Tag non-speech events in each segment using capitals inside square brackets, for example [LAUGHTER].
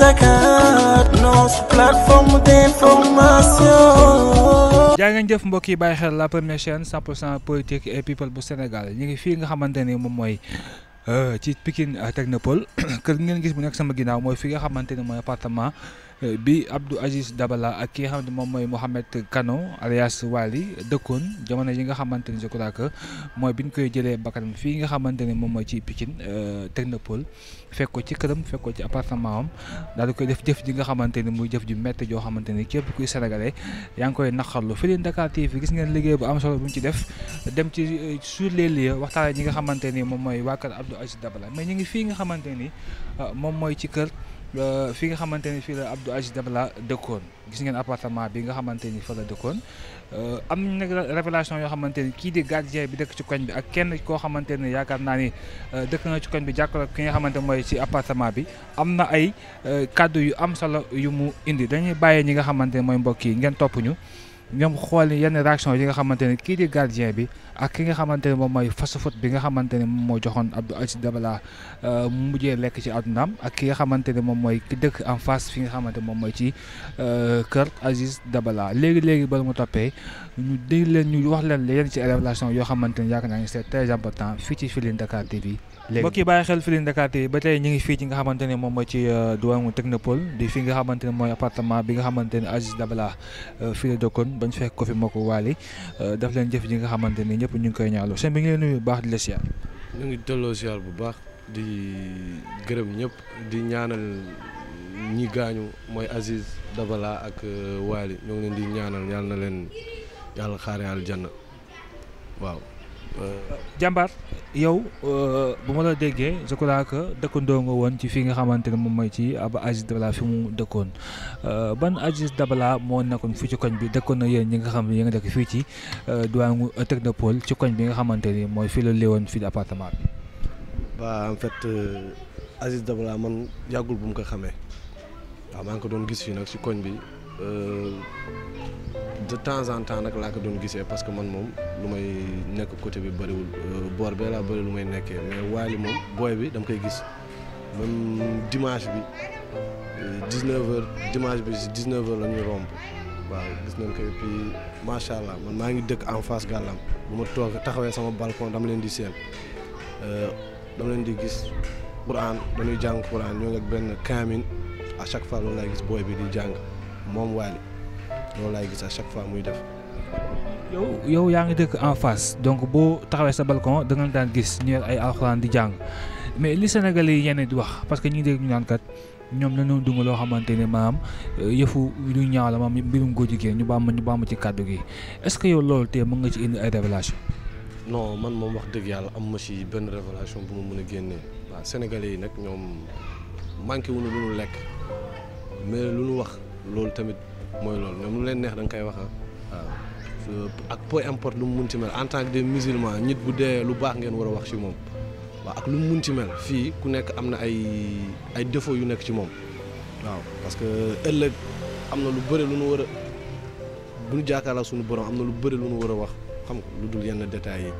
Dakar notre jaa ngeen jëf mbokk yi bàyyi xel la première chaîne 100 pour politique et people bu Sénégal ñu ngi fii nga xamante ni moom mooy. Euh, ci Pikine Technopole [COUGHS] kër ngeen gis bu nekk sama ginnaaw mooy fi nga xamante ni mooy appartement Euh, bi Abdou Aziz Dabala ak ki nga xam ne moom mooy Mohamed Kano alias Wali dëkkoon jamono yi nga xamante ni je crois que mooy bi ñu koy jëlee bakkanam fii nga xamante ni moom mooy ci Pikine euh, Technopole fekk ko ci këram fekk ko ci appartement am daal di def jëf ji nga xamante ni muy jëf ju métti joo xamante ni képp kuy sénégalais yaa ngi koy naqarlu fi leen Dakar TV gis ngeen liggéey bu am solo bu ñu ci def dem ci euh, sur les lieux waxtaan ji nga xamante ni moom mooy waa kër Abdou Aziz Dabala mais ñu ngi fii nga xamante ni moom mooy ci kër. Euh, fi nga xamante ni fii la Abdou Aziz Dabala dëkkoon gis ngeen appartement bi nga xamante ni fa la dëkkoon euh, am na nag révélation yoo xamante ni kii di gardien bi dëkk ci koñ bi ak kenn koo xamante ni yaakaar naa ni euh, dëkk na ci koñ bi jàkkaarloo ki nga xamante mooy ci appartement bi am na ay kàddu yu am salo yu mu indi dañuy bàyyee ñi nga xamante ni mooy mbokk yi ngeen topp ñu. ñoom xool yenn réaction yi nga xamante ne kii di gardien bi ak ki nga xamante ne moom mooy fast-food bi nga xamante ne moom moo joxoon Abdou Aziz Dabala euh, mujjee lekk ci addunaam ak ki nga xamante ne moom mooy ki dëkk en face fi nga xamante moom mooy ci euh, kër Aziz Dabala léegi léegi bala mu toppee ñu dégg leen ñu wax leen yenn ci révélation yoo xamante ne yaakaar naa ne c'est très important fii ci Feeling Dakar TV léegi kii yi bàyyi xel Feeling Dakar TV ba tey ñu ngi fii ci nga xamante ne moom mooy ci euh, duwaamu technopole di fi nga xamante ne mooy appartement bi nga xamante ne Aziz Dabala euh, fii la dëkkoon bañ fekk ko fi moo ko waali euh, daf leen jëf ji nga xamante ne ñëpp ñu ngi koy ñaalo sëñ bi ngi leen nuyu bu baax di la siyaar ñu ngi delloo siyaar bu baax di gërëm ñëpp di ñaanal ñi gaañu mooy Aziz Dabala ak waali ñoo ngi leen di ñaanal yàlla na leen yàlla xaare aljanna waaw jambar yow euh, bu ma la déggee je crois que dëkkandoo woon ci fi nga xamante ne moom mooy ci ab Aziz Dabala fi mu dëkkoon euh, ban Aziz Dabala moo nekkoon fii ci koñ bi dëkkoon na yéen ñi nga xam ne yéen nga dëkk fii ci euh, diwaanu technopole ci koñ bi nga xamante ni mooy fii la léewoon fii appartement bi. ba en fait Aziz Dabala man yàggul bu mu ko xamee waaw maa ngi ko doon gis fii nag ci koñ bi. Euh, de temps en temps nag laa ko doon gisee parce que man moom lu may nekk côté bi bëriwul euh, boor bee laa bëri lu may nekkee mais Wally moom booy bi dama koy gis même dimanche bi 19h euh, dimanche bi si 19h la ñuy romb waaw gis nañ ko et puis macha allah man maa ngi dëkk en face gàllam bu ma toog taxawee sama balcon dama leen di seen dama leen di gis Quran dañuy jàng Quran ñoo ngi ak benn kaamin à chaque fois loolu laay gis booy bi di jàng. moom Wally loolu laay gis à chaque fois muy def. yow yaa ngi dëkk en face donc boo taxawee sa balkon da nga daan gis ñu ay alxuraan di jàng mais li Sénégalais yi yenn di wax parce que ñu ngi dégg ñu naan kat ñoom dañoo dund loo xamante ne maam euh, yëfu lu ñaaw la maam mbirum góor jigéen ñu bàmm ñu ma ci kàddu gi est-ce que yow loolu tey mën nga ci indi ay révélation non man moom wax dëgg yàlla am ma si benn révélation bu ma mën a génnee waa Sénégalais yi nag ñoom manqué wuñu lu ñu wax. loolu tamit mooy loolu ñoom lu leen neex da nga koy wax ah. waaw ak peu importe lu mu mun ci mel en tant que des musulmans nit bu dee lu baax ngeen war a wax ci moom waaw ak lu mu mun ci mel fii ku nekk am na ay ay défauts yu nekk ci moom waaw parce que ëllëg am na lu bëri lu nu war a bu nu jàkkaarloo suñu borom am na lu bëri lu nu war a wax xam nga lu dul yenn détails yi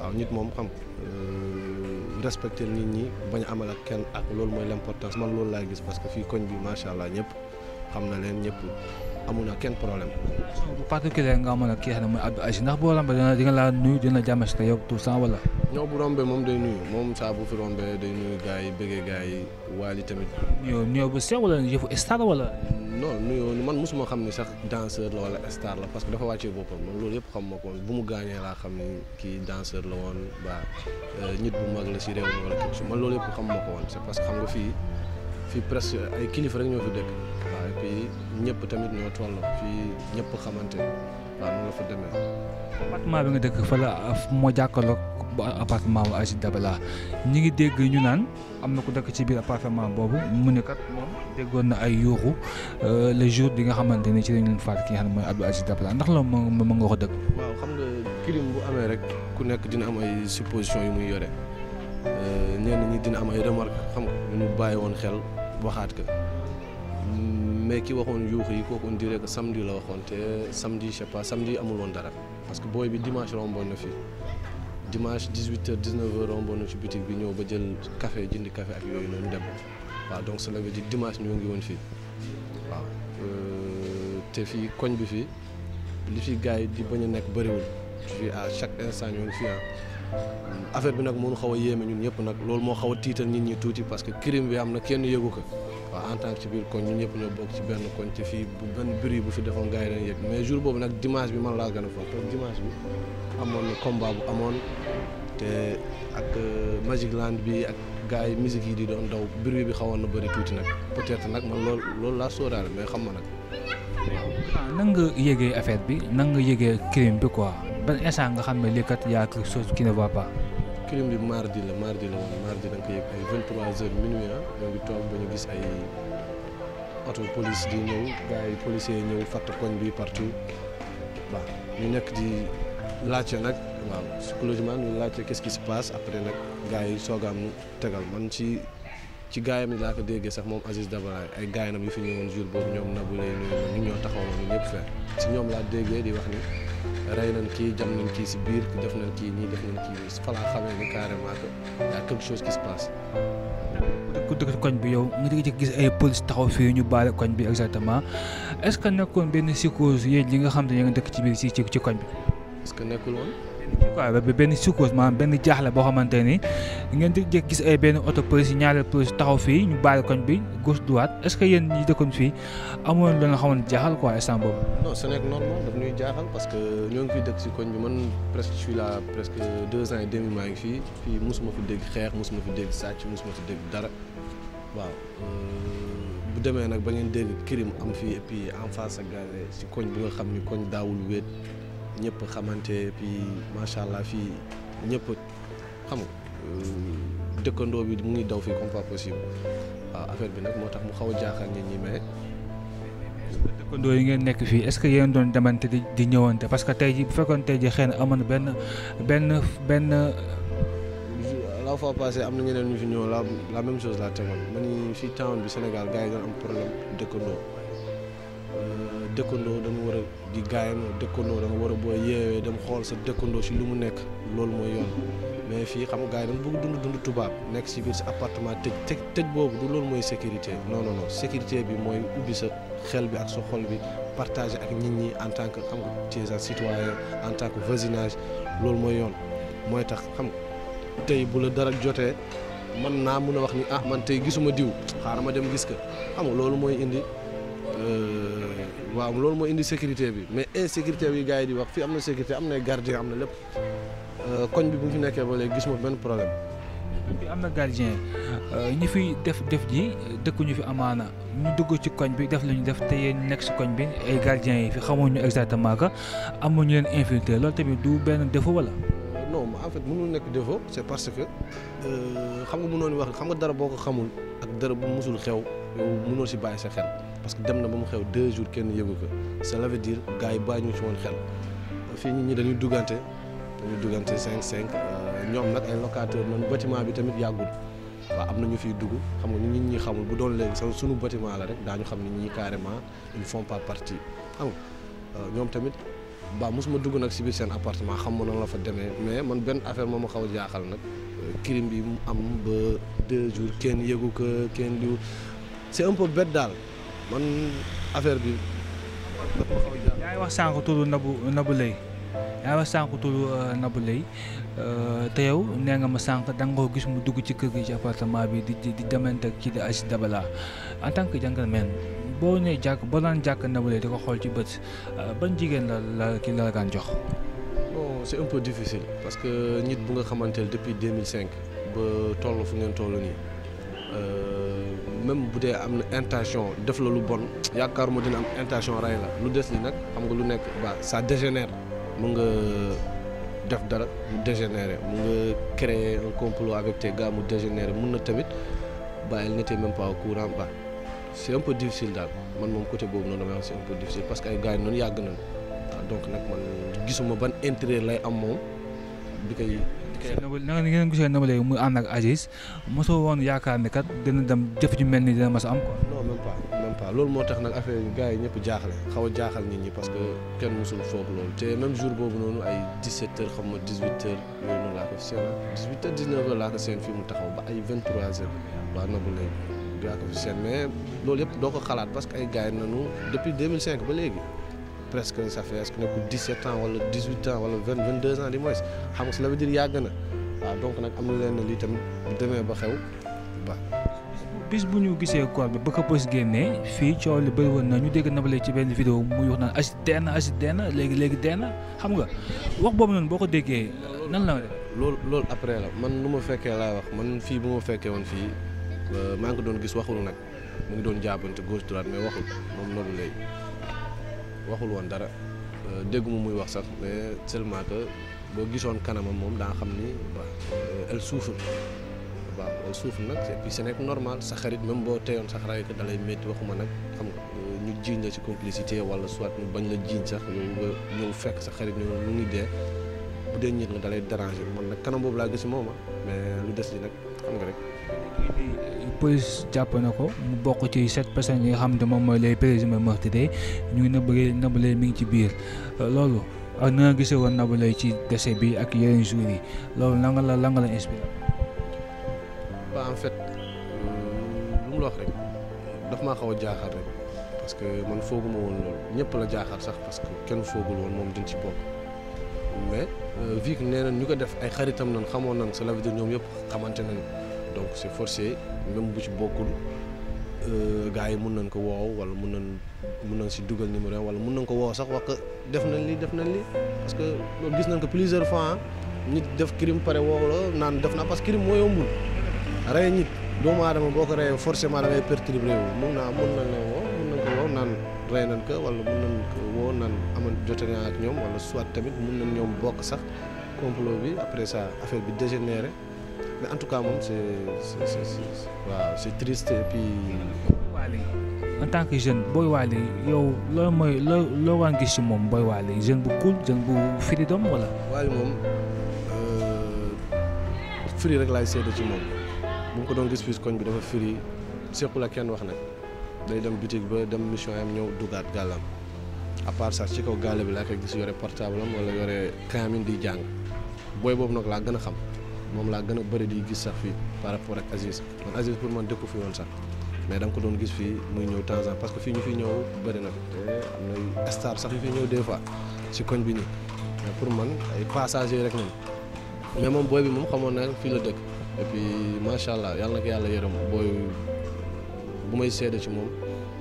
waaw nit moom xam euh, respecter nit ñi bañ a amal ak kenn ak loolu mooy l'importance man loolu laa gis parce que fii koñ bi macha allah ñëpp. xam na leen ñëpp amuñu kenn problème. bu particulier nga amoon ak kii xam ne mooy Abdou Aziz ndax boo rombee dina laa nuyu dina jàmm si te yow tout ça wala. ñoo bu rombee moom day nuyu moom saa bu fi rombee day nuyu gars yi bëggee gars yi waali tamit. nuyoo nuyoo bu sew wala yëfu star wala. non nuyoo man mosuma xam ni sax danseur la wala star la parce que dafa wàccee boppam man loolu yëpp xam ma ko woon bu mu gaañee laa xam ni kii danseur la woon ba euh, nit bu mag la si réew mi wala kii xam ma ko woon parce que xam nga fii fii presque kilifa rek ñoo fi dëkk. waaw puis ñëpp tamit ñoo tolloo fii ñëpp xamante ni waaw noonu la demee. appartement bi nga dëkk fa la moo jàkkaarloog appartement wu Aziz Dabala ñi ngi dégg ñu naan am na ku dëkk ci biir appartement boobu mu ne kat moom déggoon na ay yuuxu euh, le jour bi nga xamante ni ci lañ leen faat ki nga xam ne mooy Abdou Aziz ndax loolu moom mën nga bu amee rek ku nekk dina am ay supposition yu muy yore euh, ñenn ñi dina am ay remarque xam nga ñu bàyyi woon xel waxaat ko. mais ki waxoon yuuxu yi kooku on dirait que samedi la waxoon te samedi je samedi amul woon dara parce que booy bi dimanche romboon na fi dimanche 18h 19h romboon na ci boutique bi ñëw ba jël café jëndi café ak yooyu noonu dem waaw donc cela veut dire dimanche ñoo ngi woon fii waaw euh, te fii koñ bi fii li fi gars yi di bañ a nekk bëriwul fii à chaque instant ñoo ngi fi ah. affaire bi nag moom xaw a yéeme ñun ñëpp nag loolu moo xaw tiital nit ñi tuuti parce que crime bi am na kenn yëgu ko. waaw en tant que ci biir koñ ñun ñëpp ñoo bokk ci benn koñ te fii bu benn bruit bu fi defoon gars yi dañuy yëg mais jour boobu nag dimanche bi man laa gën a foog parce que dimanche bi amoon na combat bu amoon te ak euh, Magic bi ak gars yi musique yi di doon daw bruit bi xawoon na bëri tuuti nag peut-être nag man loolu loolu laa sóoraale mais xam ma nag. waaw ah, nan nga yëgee affaire bi nan nga yëgee crime bi quoi ba instant nga xam ne lii kat y a quelque chose crime bi mardi la mardi la woon mardi da nga ko yëg ay 23 heures minuit ah ñoo ngi toog ba ñu gis ay auto police di ñëw gars yi policiers yi ñëw fatt koñ bi partout waaw ñu nekk di laajte nag waaw psychologiquement ñu laajte qu'est-ce qui se passe après nag gars yi soogaam tegal man ci ci gaayam ni laa ko déggee sax moom Aziz Dabala ay gaayam yu fi ñëwoon jour boobu ñoom Nabou lay ñëw ñun ñoo taxawoon ñun ñëpp fekk si ñoom laa déggee di wax ni. rey nañ kii jam nañ kii si biir def nañ kii nii def nañ kii nii xamee ni carrément que y a quelque chose qui se passe. ku dëkk koñ bi yow nga dëgg ci gis ay police taxaw fii ñu baale koñ bi exactement est-ce que nekkoon benn psychose yéen li nga xam te ne nga dëkk ci biir si ci koñ bi. est-ce que nekkul woon. quoi benn sukkos maanaam benn jaaxle boo xamante ni ngeen di jékki gis ay benn oto police ñaareel police taxaw fii ñu baal koñ bi gauche droite est ce que yéen ñi dëkkoon fii amoon la nga xamante jaaxal quoi instant boobu. non ce n'est normal daf ñuy jaaxal parce que ñoo ngi fi dëkk si koñ bi man presque je suis là presque deux ans et demi maa ngi fii fii mosuma fi dégg xeex mosuma fi dégg sàcc mosuma fi dégg dara waaw. Euh, bu demee nag ba ngeen dégg crime am fii et puis koñ bi nga xam ni koñ daawul wéet. ñëpp xamante puis macha allah fii ñëpp xam euh, dëkkandoo bi mu ngi daw fii comme pas possible waaw affaire bi nag moo tax mu xaw a jaaxal nit ñi mais. dëkkandoo yi ngeen nekk fii est-ce que yéen doon demante di di ñëwante parce que tey ji bu fekkoon tey ji xëy na amoon benn benn benn. la fois passée am na ñeneen ñu fi ñëw la la même chose la tegoon man fii town bi Sénégal gars yi doon am problème dëkkandoo. Euh, dëkkandoo da war a di gaayanoo dëkkandoo da war a boo yeewee dem xool sa dëkkandoo si lu mu nekk loolu mooy yoon mais fii xam nga gars yi dañu bëgg dund dund tubaab nekk si biir si appartement tëj tëj boobu du loolu mooy sécurité non non sécurité bi mooy ubbi sa xel bi ak sa xol bi partage ak nit ñi en tant que xam nga tu es citoyen en tant que voisinage loolu mooy yoon mooy tax xam tey bu la dara jotee man naa mun a wax ni ah man tey gisuma diw xaaral ma dem gis ko xam mooy indi. Euh, waaw loolu mooy indi sécurité bi mais insécurité bi gars yi di wax fii am na sécurité am na gardien am na lépp euh, koñ bi bu fi nekkee ba léegi gis ma benn problème. bi am na gardien euh, ñi fi def def ji dëkk ñu fi amaana ñu dugg ci koñ bi def lu def te yéen nekk si koñ bi ay gardien yi fi xamuñu exactement que amuñu leen infiltré loolu tamit du benn défaut wala. ma en fait mënul nekk défo c'est parce que euh, xam nga mënoon wax xam nga dara boo ko xamul ak dara bu musul xew yow si bàyyi sa parce que dem na ba mu xew deux jours kenn yëgu ko cela veut dire gars yi bàyyi ñu ci woon xel fii nit ñi dañuy duggante dañu duggante cinq cinq euh, ñoom nag ay locataire nu batiment bi tamit yàggul waa am na ñu fiy dugg xam nga nit ñi xamul bu doon léegi sama sunu bâtiment la rek daa ñu xam ne ñii carrément ils font pas partie xam nga euh, ñoom tamit ba mosuma dugg nag si biir seen appartement xam ma noonu la fa demee mais man benn affaire moo ma xaw a jaaxal nag euh, crime bi mu am ba deux jours kenn yëgu ko kenn du c'est un peu bête daal man affaire bi dafa wax sànq turu nabu Nabou Leye yaa ngi wax sànq turu euh, Nabou Leye euh, te yow nee nga ma sànq da nga ko gis mu dugg ci kër gi ci appartement bi di di demante ak kii di Aziz Dabala en tant que gentleman boo ne jàkk boo daan jàkk Nabou Leye di ko xool ci bët euh, ban jigéen la la kii jox. bon c'est un peu difficile parce que nit bu nga xamante ne depuis 2005 ba toll fu ngeen toll nii. même bu dee am na intention def la lu bon yaakaar ma dina am intention rey la lu des li nag xam nga lu nekk sa ça dégénère mun nga def dara mu dégénéré mun nga créer un complot avec tes gars mu mun na tamit ba elle n'était même pas au courant ba c'est un peu difficile daal man moom côté boobu noonu damay wax c'est un peu difficile parce que ay gars noonu yàgg na waaw ah, donc nag man gisuma ban intérêt lay am moom di koy na ngeen gisee Ndongo Leye mu ànd ak Aziz mosoo woon yaakaar ne kat dina dem jëf ju mel ni dina mas am ko non même loolu moo tax nag affaire yi gars yi ñëpp jaaxle xaw a jaaxal nit ñi parce que kenn mosul foog loolu te même jour boobu noonu ay 17 heures xam nga 18 heures yooyu noonu laa ko seen fii mu taxaw ba ay 23 heures na Ndongo Leye gaa ko fi seen mais loolu yëpp doo ko xalaat parce que ay gars yi nañu depuis 2005 ba léegi. presque a fait est-ce que nekkul 17 ans wala 18 ans wala 20 22 ans du moins xam nga la veut dire yàgg na waaw donc nag am na leen lii tamit demee ba xew ba. bis bu ñu gisee corps bi ba ko bës génnee fii coow li bëri woon na ñu dégg nabalee ci benn vidéo muy wax naan acide dee na acide dee léegi léegi dee xam nga wax boobu noonu boo ko déggee nan la def loolu loolu après la man lu ma fekkee laa wax man fii bu ma fekkee woon fii maa ngi doon gis waxul nag mu ngi doon jaabante gauche droite waxul moom noonu lay. waxul woon dara euh, dégguma muy wax sax mais seulement boo gisoon kanamam moom daa xam ni waaw euh, elle souffre waaw elle souffre nag et puis c'est normal sa xarit même boo teyoon sax ray ko dalay métti waxuma nag xam nga euh, ñu jiiñ la ci complicité wala soit ñu bañ la jiiñ sax yow fekk sa xarit ñoom mu ngi dee bu dee ñit nga dalay déranger man nag kanam boobu laa gis mooma ah. mais lu des li nag xam nga rek police jàpp na ko mu bokk ci set personnes yi nga xam ne moom mooy les présumés meurtriers ñu ngi nëbb Nabou Leye mi ngi ci biir loolu ak na nga gisee woon Nabou Leye ci décès bi ak yeneen jours yi loolu lan nga la lan nga la inspiré. waaw en fait euh, lu mu la wax rek daf maa xaw a jaaxal rek parce que man foogu ma woon loolu ñëpp la jaaxal sax parce kenn foogul woon moom duñ ci bokk mais euh, vu que nee na ñu ko def ay xaritam nan xamoon nan cela veut dire ñoom yëpp xamante nañu. donc forcé même bu ci bokkul euh, gars yi mun nañ ko woow wala mun na mun nañ si dugal numéro wala mun nañ ko woow sax wax ko def nañ li def nañ li parce que gis nañ ko plusieurs fois ah, nit def crime pare woow la naan def na parce que crime moo yombul rey nit doomu aadama boo ko reyee forcément da ngay perturbé wu mun naa mun nañ la woo mun nañ ko woo naan rey nañ ko wala mun nañ ko woo naan amal jote naa ak ñoom wala soit tamit mun nañ ñoom bokk sax complot bi après ça affaire bi dégénéré mais en tout cas moom c' est c' est waaw c' en tant que jeune booy Waly yow loo mooy loo loo war gis si moom Boy Waly jeune bu cool bu freedom wala. Waly moom euh, free rek laay seede ci moom bu mu ko doon gis fii koñ bi dafa free sequl ak kenn wax nag day dem boutique ba dem mission am ñëw dugaat gàllam à sax ci kaw gàlle bi laa koy gis yore portable am wala yore kaamine di jàng booy boobu nag laa gën a xam. moom laa gën a bëri di gis sax fii par rapport ak Aziz man Aziz pour man dëkku fi woon sax mais da ko doon gis fii muy ñëw temps en parce que fii ñu fi ñëw bëri na te am star sax yu fi ñëw des fois si koñ bi nii pour man ay passagers rek nañ mais moom booy bi moom xamoon na fii la dëkk et puis macha allah yàlla na yàlla yërëm booy bu may seede ci moom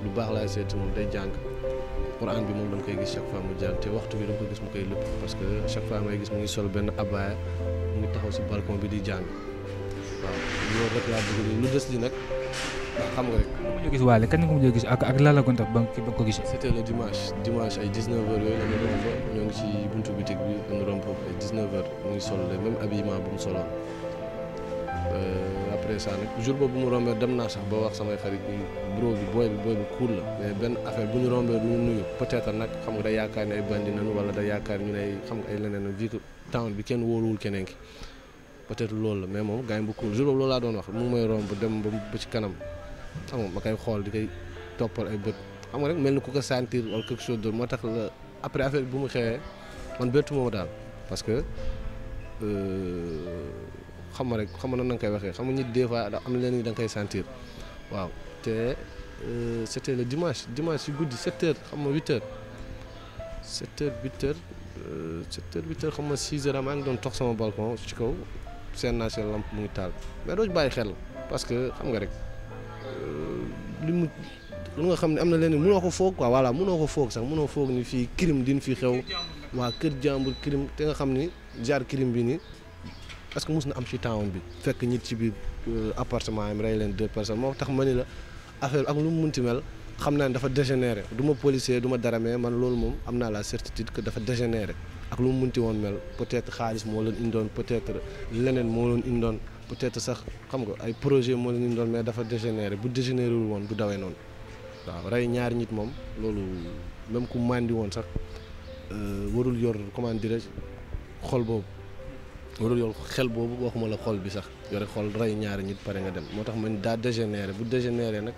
lu baax laay seede ci moom day jàng Quran bi moom da nga koy gis chaque fois mu jàng te waxtu bi da nga ko gis mu koy lépp parce que chaque fois may gis mu ngi sol benn abaya mu ngi taxaw si balcon bi di jàng waaw loolu rek laa bëgg lu des li nag ndax xam nga rek. bu ma gis Wally kan nga mujjee gis ak ak la ko def ba nga ko gisee. c'était le dimanche dimanche ay 19h yooyu la ñu romb ñoo ngi ci buntu bu bi ñu romb foofu ay 19h mu ngi sol le même habillement mu soloon euh, après ça nag jour boobu mu rombee dem naa sax ba wax samay xarit bi bro bi booy bi booy bi cool la mais benn affaire bu ñu rombee lu ñu nuyu peut-être nag xam nga day yaakaar ne ay bandi nañu wala day yaakaar ñu ne ay leneen town bi kenn wóoruwul keneen ki peut-être loolu la mais moom gars yi bu cool jour boobu loolu laa doon wax mu ngi may romb dem ba ci kanam xam ma koy xool di koy toppal ay bët xam nga rek mel ni ku ko sentir wala quelque chose d'autre affaire bu mu xewee man daal parce que euh, xam nga rek xam nga nan nga koy waxee xam nit des fois am na leen da nga koy sentir waaw te euh, c'était le dimanche dimanche si guddi 7 heures xam nga 8 sept heures huit heures euh, sept heures huit heures xam nga six heures maa ngi doon toog sama balcon ci kaw seen naa seen lampe mu ngi taal mais doo ci bàyyi xel parce que xam nga rek euh, li mu lu nga xam ne am na leen mënoo ko foog quoi voilà mënoo ko foog sax mënoo foog ni fii crime din fi xew waa kër jàmbur crime te nga xam ni jaar crime bi nii parce que mus na am ci temps bi fekk nit ci biir euh, appartement yi rey leen deux personnes moo tax ma ni la affaire ak lu mu munti mel. xam naa ne dafa dégénéré du ma policier du dara mais man loolu moom am naa la certitude que dafa dégénéré ak lu mu munti woon mel peut-être xaalis moo leen indoon peut-être leneen moo leen indoon peut-être sax xam nga ay projet moo leen indoon mais dafa dégénéré bu dégénéré wul woon du dawee noonu waaw rey ñaari nit moom loolu même ku màndi woon sax euh, warul yor comment dirais-je xol boobu warul yor xel boobu waxuma la xol bi sax yore xol rey ñaari nit pare nga dem moo tax man daa dégénéré bu dégénéré nag.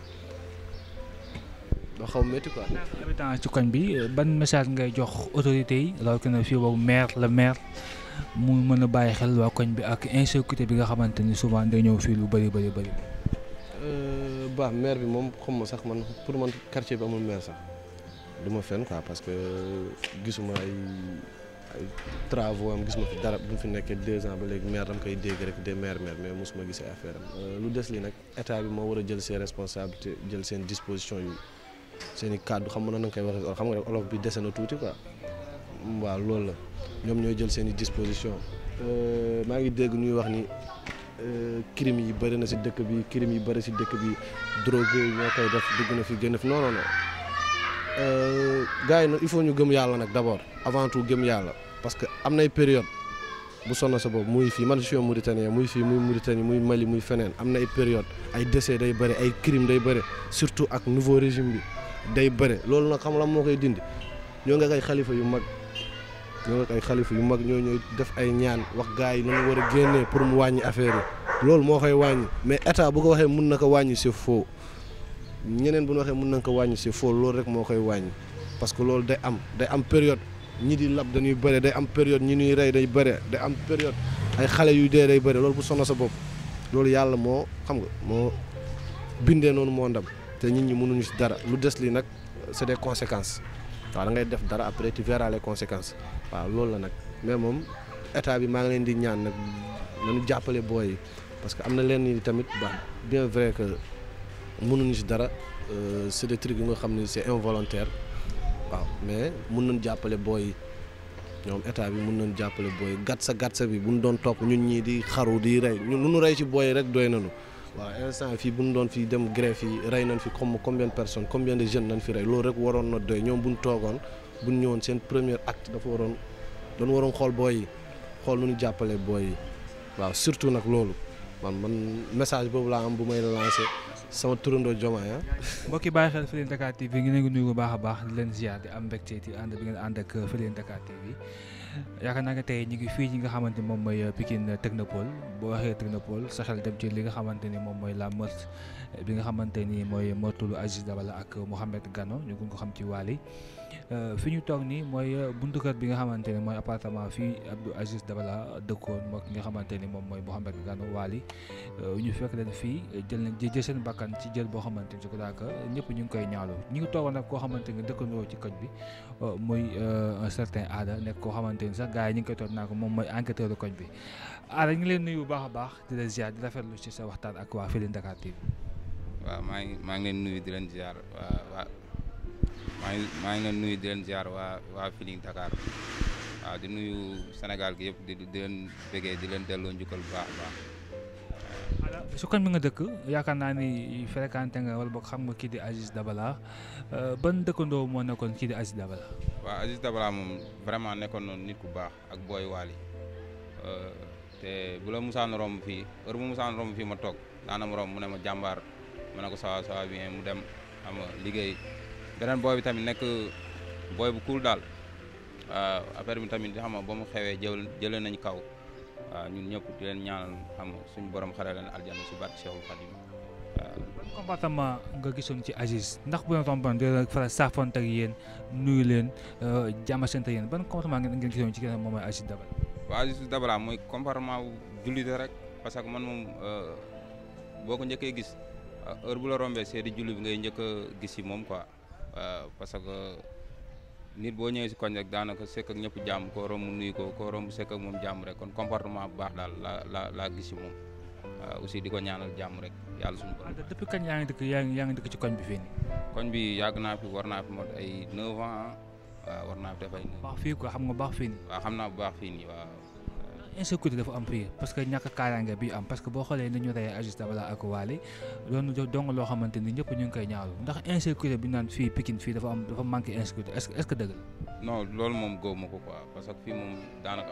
doo xaw métti quoi. habitant ci koñ bi euh, ban message ngay jox autorités yi rawatina fii boobu maire la maire mu mën a bàyyi xel waa koñ bi ak insécurité bi nga xamante ni souvent day ñëw fii lu bëri bari bëri. baax euh, maire bi moom xam ma sax man pour man quartier bi amul maire sax du ma fenn quoi parce que euh, gisuma ay ay travaux am gisuma fi dara bu fi nekkee deux ans ba léegi maire dama koy dégg rek de maire maire mais mosuma gisee affaire am. lu des li nag état bi moo war a jël ses responsabilités jël seen disposition yu. seen i kàddu xam na nan koy waxee xam nga olof bi dese na tuuti quoi waaw loolu la ñoom ñooy jël seen i disposition euh, maa ngi dégg ñuy wax ni euh, crime yi bëri na si dëkk bi crime yi bëri si dëkk bi drogue ñoo koy def dugg na fi génn fi non non non euh, yi nag il faut ñu gëm yàlla nag d'abord avant tout gëm yàlla parce que am nay période bu sonn sa boobu muy fii man je suis mauritanien muy fii muy Mauritanie muy Mali muy feneen am na ay période ay décès day bëri ay crime day bëri surtout ak nouveau régime bi day bëre loolu nag xam la moo koy dindi ñoo nga ay xalifa yu mag ñoo nga ay xalifa yu mag ñoo ñooy def ay ñaan wax gars yi nañu war a génnee pour mu wàññi affaire yi loolu moo koy wàññi mais état bu ko waxee mun na ko wàññi c'est foo ñeneen bu nu waxee mun na ko wàññi c'est foo loolu rek moo koy wàññi parce que loolu day am day am période ñi di lab dañuy bëre day am période ñi ñuy rey day bëre day am période ay xale yu dee day bëre loolu bu sono sa bopp loolu yàlla moo xam nga moo bindee noonu moo te nit ñi mënuñu si dara lu des li nag c'est des conséquence waaw da ngay def dara après ti verras conséquence waaw loolu la nag mais moom état bi maa ngi leen di ñaan nag nañu jàppale booy yi parce que am na leen ni tamit ba bien vrai que mënuñu si dara euh, c'est des trucs yu nga xam ne c'est involontaire waaw mais mën nañu jàppale booy yi ñoom état bi mun nañu jàppale booy yi gatsa gatsa bi bu ñu doon topp ñun ñii di xaru di rey ñun lu ñu rey ci booy yi rek doy nañu. waaw instant fii bu ñu doon fii dem grève fii rey nañ fi comme combien de personnes combien de jeunes nañ fi rey loolu rek waroon na doy ñoom bu ñu toogoon bu ñu ñëwoon seen premier acte dafa waroon doon waroon xool booy yi xool nu ñu jàppale booy yi waaw surtout nag loolu man man message boobu laa am bu may lancé sama turandoo Diomaye ah. mbokk yi bàyyi xel Feeling Dakar TV ngi leen bu baax a baax di leen ziar di am mbégte ci ànd bi ngeen ànd ak yaakaar naa ne tey ñu ngi fii ñi nga xamante moom mooy euh, Pikine Technopole boo waxee Technopole sa xel dem ci li nga xamante ni moom mooy la meute bi nga xamante ni mooy meurtre Aziz Dabala ak Mohamed Gano ñu ngi ko xam ci Wally Euh, fi ñu toog nii mooy euh, buntu bi nga xamante ni mooy appartement fii Abdou Aziz Dabala dëkkoon mook ki nga xamante ni moom mooy Mouhamed Gano Waly euh, ñu fekk leen fii jël nañ jël seen bakkan ci jël boo xamante ni su ko daaka ñëpp ñu ngi koy ñaalu ñu ngi toogoon nag koo xamante ni dëkkandoo ci koñ bi mooy un certain aada nekk koo xamante ni sax gars yi ñu ngi koy toog naa ko moom mooy enquêteur de koñ bi aada ñu ngi leen nuyu baax a baax di la ziar di rafetlu ci sa waxtaan ak waa Feeling Dakar TV waaw maa ngi maa ngi leen nuyu di leen ziar waa maa ngi maa ngi leen nuyu di leen ziar waa waa Feeling Dakar waaw di nuyu Sénégal gi yëpp di di leen bégee di leen delloo njukkal bu baax a baax. su koñ bi nga dëkk yaakaar naa ni fréquenté nga wala boog xam nga kii di Aziz Dabala euh, ban dëkkandoo moo nekkoon kii di Aziz Dabala. waaw Aziz Dabala moom vraiment nekkoon na nit ku baax ak booy waali euh, te bu la romb fii heure mu Moussa romb fii ma toog daanam romb mu ne ma jàmbaar ma ne ko ça va ça va bien mu dem xam liggéey. beneen booy bi tamit nekk booy bu cool daal ah, affaire bi tamit xam nga ba mu xewee jël jëlee nañ kaw waaw ah, ñun ñëpp di leen ñaan xam suñu borom xare leen aljana si barke Cheikhul Khadim waaw. Ah. ban comportement nga gisoon ci Aziz ndax bu doon tomboon dina faral saafoonte ak yéen nuyu leen euh, jàmmasante yéen ban comportement ngeen gisoon ci keneen moom mooy Aziz Dabala. mooy comportement bu jullite rek parce que man moom euh, boo ko njëkkee gis euh, heure bu la rombee seedi julli bi ngay njëkk a moom quoi. parce que nit boo ñëwee si koñ rek daanaka sekk ak ñëpp jàmm koo romb nuyu ko koo romb sekk ak moom jàmm rek kon comportement bu baax daal laa laa laa gis si moom waaw aussi di ko ñaanal jàmm rek yàlla suñu borom. depuis kañ ngi dëkk yaa ngi ci koñ bi fii nii. bi yàgg naa fi war naa fi mot ay 9 ans waaw war naa fi def ay. baax fii quoi xam nga baax fii nii. waaw xam naa bu baax fii nii waaw. insécurité dafa am prix parce que ñàkk kaaraange bi am parce que boo xoolee ni ñu reyee Aziz ak Waly doon dong loo xamante ni ñëpp ñu ngi koy ñaaru ndax insécurité bi ñu naan fii Pikine fii dafa am dafa manqué moom góob ma ko quoi parce que fii moom na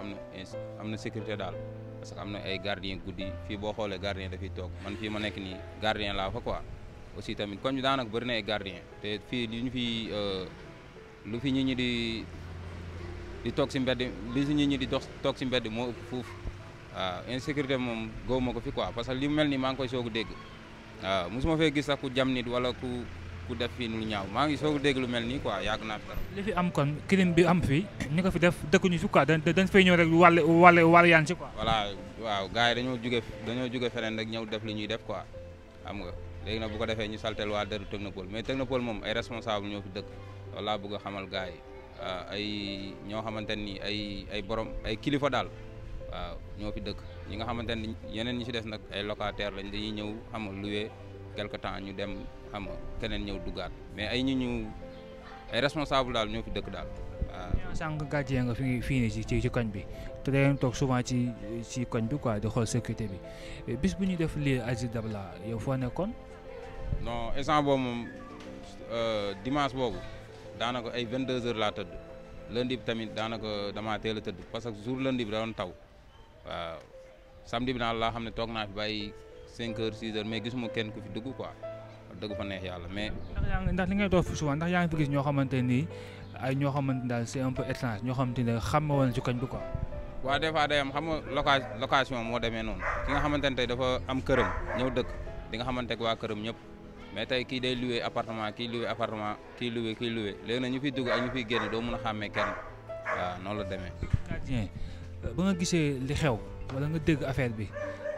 am na sécurité daal parce que am na ay gardien guddi fii boo xoolee gardien dafiy toog man fii ma nekk nii gardien laa fa quoi aussi tamit koñ bi daanaka bëri na ay gardien te fii li ñu fi euh, lu fi ñi ñi di. di toog si mbedd li si nit ñi di dox toog si mbedd moo ëpp fuuf waaw insécurité moom góob ma ko fi quoi parce que li mel ni maa ngi koy soog a dégg waaw mosuma fee gis sax ku jam nit wala ku ku def fii lu ñaaw maa ngi soog a dégg lu mel nii quoi yàgg naa fi dara. li fi am kon crime bi am fii ñu ko fi def dëkkuñu si quoi dañ dañ fay ñëw rek wàll wàll wàll yaan ci quoi. voilà waaw gars yi dañoo jóge dañoo jóge feneen rek ñëw def li ñuy def quoi am nga léegi nag bu ko defee ñu saltel waa dëru Technopole mais Technopole moom ay responsable ñoo fi dëkk laa a xamal gars yi ay ñoo xamante ni ay ay borom ay kilifa daal waaw ñoo fi dëkk ñi nga xamante ni yeneen ñi ci des nag ay locataire lañ dañuy ñëw xam nga loué quelque temps ñu dem xam nga keneen ñëw duggaat mais ay ñu ñu ay responsable daal ñoo fi dëkk daal waaw. sànq gardien nga fi fii nii ci ci koñ bi te da toog souvent ci ci koñ bi quoi di xool sécurité bi bis bu ñu def lii Aziz Dabala yow foo nekkoon. non instant boobu moom euh, dimanche boobu. daanaka ay 22 heures laa tëdd lundi bi tamit daanaka damaa teel tëdd parce que jour lundi bi da doon taw waaw samedi bi daal laa xam ne toog naa fi bàyyi cinq heures 6 heures mais gisuma kenn ku fi dugg quoi dëgg fa neex yàlla mais. ndax yaa ngi ndax li ngay toog fi souvent ndax yaa ngi fi gis ñoo xamante ni ay ñoo xamante ni daal c'est un étrange ñoo xamante ne xam woon ci koñ bi ko waaw des fois day am xam nga moo demee noonu ki nga xamante ne tey dafa am këram ñëw dëkk di nga xamante ak waa këram ñëpp. mais tey kii day loué appartement kii loué appartement kii loué kii loué léegi nag ñu fiy dugg ak ñu fiy génn doo mun a xàmmee kenn waaw noonu la demee. gardien euh, ba nga gisee li xew wala nga dégg affaire bi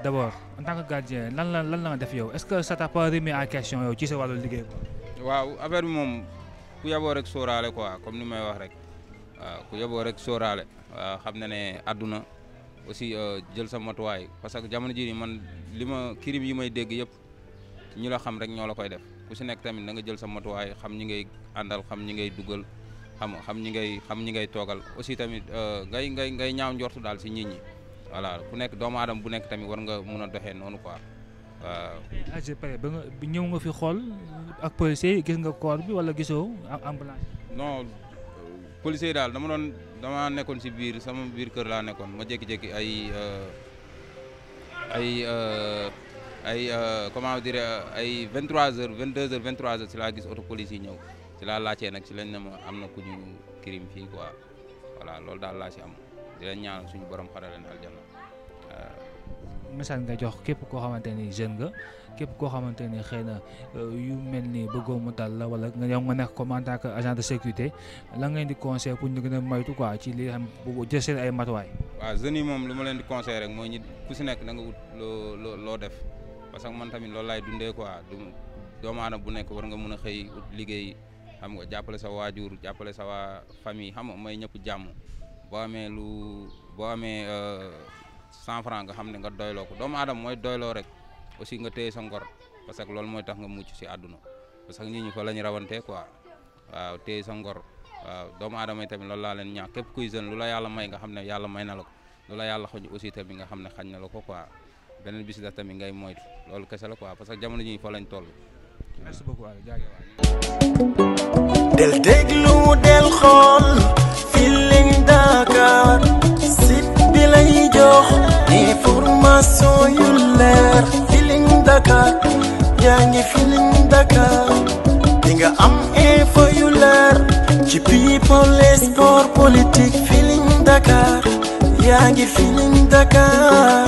d' abord en tant que gardien lan la lan la nga def yow est ce que ça t' a pas remis en question yow ci sa wàllu liggéey quoi. waaw affaire bi moom ku yaboo rek sóoraale quoi comme ni may wax rek waaw ku yaboo rek sóoraale xam na ne àdduna aussi euh, jël sa matuwaay parce que jamono jii nii man li ma crime yi may dégg yëpp. ñu la xam rek ñoo la koy def ku si nekk tamit na nga jël sa matuwaay xam ñi ngay àndal xam ñi ngay dugal xam xam ñi ngay xam ñi ngay toogal aussi tamit euh, ngay ngay ngay ñaaw njortu daal si nit ñi voilà bu nekk doomu aadama bu nekk tamit war nga mun a doxee noonu quoi waaw. AG pare ñëw nga fi xool ak policier yi gis nga corps bi wala gisoo ambulance. non no yi daal dama doon dama nekkoon si biir sama biir kër laa nekkoon ma jekki jékki ay euh, ay. Euh, ay euh, comment dire euh, ay 23h 22h 23h si laa gis auto police yi ñëw si laa laajee nag si lañ ne ma am na ku ñu crime fii quoi voilà loolu daal laa si am di leen ñaanal suñu borom xarale leen aljanna message nga jox képp koo xamante ni jeune nga képp koo xamante ni xëy na euh, yu mel ni bëggoo mu dal la wala nga yow nga nekk comme en tant que agent de sécurité la ngeen di conseil pour ñu gën a moytu quoi ci lii xam bu jël seen ay matuwaay. waaw jeunes yi moom lu ma leen di conseil rek mooy ñi ku si nekk da nga wut loo def. parce que man tamit loolu laay dundee quoi du doomu aadama bu nekk war nga mun a xëy liggéey xam nga jàppale sa waajur jàppale sa waa famille xam may ñëpp jàmm boo amee lu boo amee euh, cent franc nga xam ne nga doyloo ko doomu aadama mooy doyloo rek aussi nga téye sa ngor parce que loolu mooy tax nga mucc si àdduna parce que ñu ñi fa la ñu rawante quoi waaw téye sa ngor waaw doomu aadama yi tamit loolu laa leen ñaax képp kuy jeune lu la yàlla may nga xam ne yàlla may na la ko lu la yàlla xoj nga xam ne xañ na la ko quoi beneen bi si def tamit ngay moytu loolu kese la quoi parce que jamono ji fa lañ toll. merci del déglu del xool Feeling Dakar site bi lay jox information yu leer Feeling Dakar yaa ngi Feeling Dakar di nga am info yu leer ci people sport politique Feeling Dakar yaa ngi Feeling Dakar.